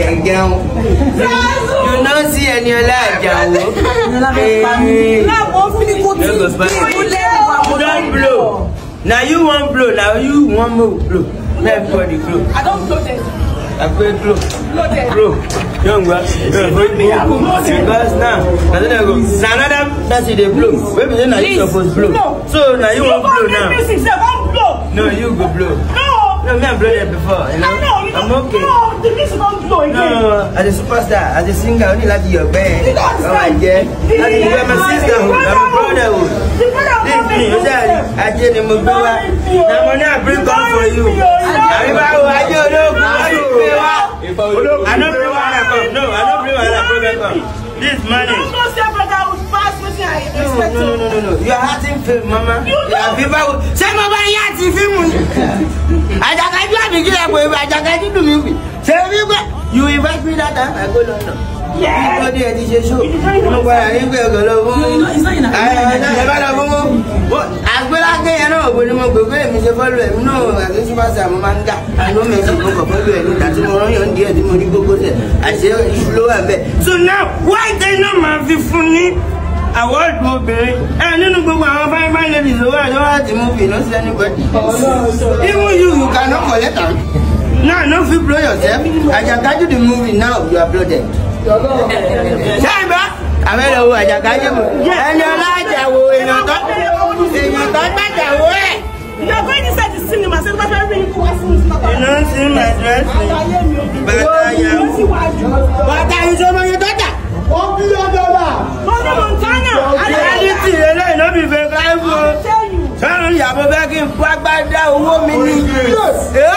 gẹ̀ǹgẹ̀ǹ you no see Eniola Ajao. don blow na you wan blow na you wan make blow make everybody blow. I don blow them. I go blow. Blow them. Blow. Young girl, because now, na then I go. Na another person dey blow. Maybe then na you suppose blow. So na you wan blow now. blow. No, you go blow. No. No, me I blow them before. You know? I'm okay. No, the music don again. No, as a superstar, as a singer, only like your band. You don't oh, understand. Yeah. That is my sisterhood, my brotherhood. The brotherhood. This me, you said, I did the Mugua. Now money I bring come for you. Everybody, I do look. I don't pay what. I don't pay what I come. No, I don't pay what I come. This money. You don't say brotherhood pass wetin I expect. No, no, no, no, no. You are hurting film, mama. You are people. Say, mama, just are to film. Àjàkájú I just ìwé to do mí pẹ́ you invite me that time I go London. Nítorí ẹ ti ṣe ṣó, mo padà nígbà ẹ̀gọ́ lọ fún mi. Ẹ bá lọ fún mi. Àgbélágé yẹn náà òbí ni mo gbé pé èmi ṣe fọ́lù ẹ̀ mi náà àti ṣùpàṣà mo máa ń gà. Àìmọ́ mi ẹ̀sìn mo kàn fọ́lù ẹ̀ nígbà tí mo rán yàn díẹ̀ tí mo rí gbogbo tẹ̀. Àṣẹ ìṣù ló wà bẹ́ẹ̀. So now, why they no máa fi fún ní award obìnrin? Ẹ nínú gbogbo àwọn fine fine ladies ló wà lọ́wọ́ àti mo fi ìnáṣẹ́ nígbà. Even you, you cannot collect am now no fit blow yourself àjàkájú the movie now you are blooded. ṣáàbà àmẹ́lẹ̀wò àjàkájú mu ẹni ọlájà wo èèyàn tó èèyàn tó gbàjà wo ẹ̀. you are oh, going oh. inside the cinema ṣé bá fẹ́ rí ikú wá sí ìsinmi. iná sí my dressing bàtà yẹ bàtà ìṣòmọye dọ́tà. ó bí ọjọ́ bá. mo ní montana. àjẹjì tì eléyìí ló fi fẹ́ káyọ̀ fún un. sẹ́yìn ìyàbọ̀ bẹ́ẹ̀ kí n fún agbádá owó mi ní.